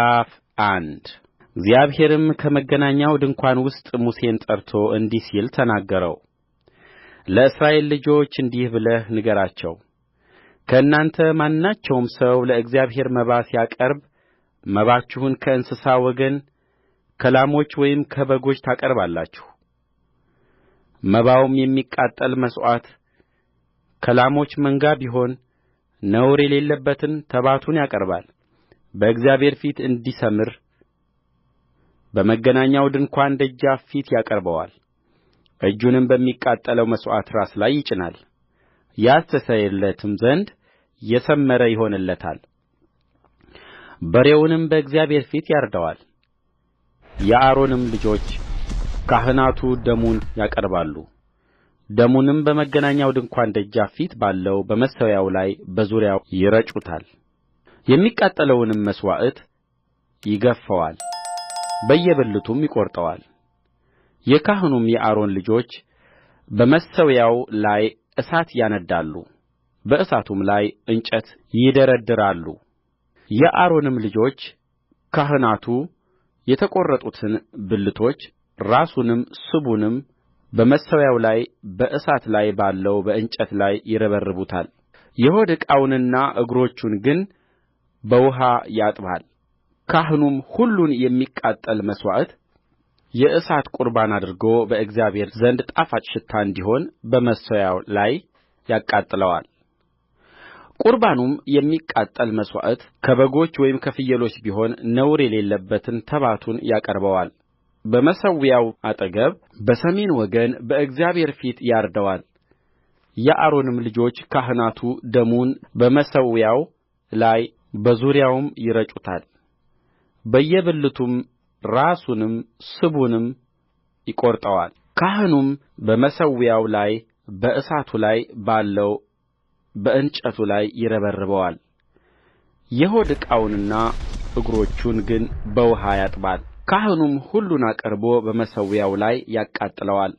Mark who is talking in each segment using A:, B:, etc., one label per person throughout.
A: ምዕራፍ አንድ እግዚአብሔርም ከመገናኛው ድንኳን ውስጥ ሙሴን ጠርቶ እንዲህ ሲል ተናገረው። ለእስራኤል ልጆች እንዲህ ብለህ ንገራቸው፣ ከእናንተ ማናቸውም ሰው ለእግዚአብሔር መባ ሲያቀርብ መባችሁን ከእንስሳ ወገን ከላሞች ወይም ከበጎች ታቀርባላችሁ። መባውም የሚቃጠል መሥዋዕት ከላሞች መንጋ ቢሆን ነውር የሌለበትን ተባቱን ያቀርባል በእግዚአብሔር ፊት እንዲሠምር በመገናኛው ድንኳን ደጃፍ ፊት ያቀርበዋል። እጁንም በሚቃጠለው መሥዋዕት ራስ ላይ ይጭናል፣ ያስተሰርይለትም ዘንድ የሠመረ ይሆንለታል። በሬውንም በእግዚአብሔር ፊት ያርደዋል። የአሮንም ልጆች ካህናቱ ደሙን ያቀርባሉ። ደሙንም በመገናኛው ድንኳን ደጃፍ ፊት ባለው በመሠዊያው ላይ በዙሪያው ይረጩታል። የሚቃጠለውንም መሥዋዕት ይገፍፈዋል በየብልቱም ይቈርጠዋል የካህኑም የአሮን ልጆች በመሠዊያው ላይ እሳት ያነድዳሉ በእሳቱም ላይ እንጨት ይደረድራሉ የአሮንም ልጆች ካህናቱ የተቈረጡትን ብልቶች ራሱንም ስቡንም በመሠዊያው ላይ በእሳት ላይ ባለው በእንጨት ላይ ይረበርቡታል የሆድ ዕቃውንና እግሮቹን ግን በውኃ ያጥባል ካህኑም ሁሉን የሚቃጠል መሥዋዕት የእሳት ቁርባን አድርጎ በእግዚአብሔር ዘንድ ጣፋጭ ሽታ እንዲሆን በመሠዊያው ላይ ያቃጥለዋል። ቁርባኑም የሚቃጠል መሥዋዕት ከበጎች ወይም ከፍየሎች ቢሆን ነውር የሌለበትን ተባቱን ያቀርበዋል። በመሠዊያው አጠገብ በሰሜን ወገን በእግዚአብሔር ፊት ያርደዋል። የአሮንም ልጆች ካህናቱ ደሙን በመሠዊያው ላይ በዙሪያውም ይረጩታል በየብልቱም ራሱንም ስቡንም ይቈርጠዋል ካህኑም በመሠዊያው ላይ በእሳቱ ላይ ባለው በእንጨቱ ላይ ይረበርበዋል የሆድ ዕቃውንና እግሮቹን ግን በውኃ ያጥባል ካህኑም ሁሉን አቅርቦ በመሠዊያው ላይ ያቃጥለዋል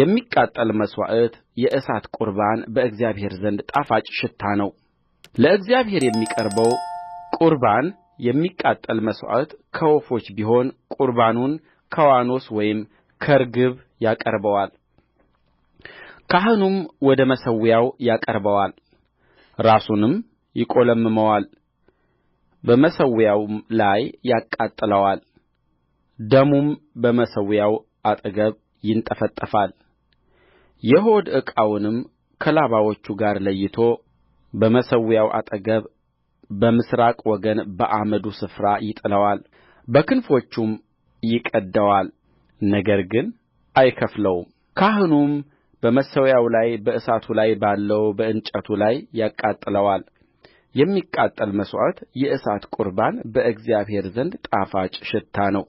A: የሚቃጠል መሥዋዕት የእሳት ቁርባን በእግዚአብሔር ዘንድ ጣፋጭ ሽታ ነው ለእግዚአብሔር የሚቀርበው ቁርባን የሚቃጠል መሥዋዕት ከወፎች ቢሆን ቁርባኑን ከዋኖስ ወይም ከርግብ ያቀርበዋል ካህኑም ወደ መሠዊያው ያቀርበዋል ራሱንም ይቈለምመዋል በመሠዊያውም ላይ ያቃጥለዋል ደሙም በመሠዊያው አጠገብ ይንጠፈጠፋል የሆድ ዕቃውንም ከላባዎቹ ጋር ለይቶ በመሠዊያው አጠገብ በምሥራቅ ወገን በአመዱ ስፍራ ይጥለዋል በክንፎቹም ይቀድደዋል ነገር ግን አይከፍለውም ካህኑም በመሠዊያው ላይ በእሳቱ ላይ ባለው በእንጨቱ ላይ ያቃጥለዋል የሚቃጠል መሥዋዕት የእሳት ቁርባን በእግዚአብሔር ዘንድ ጣፋጭ ሽታ ነው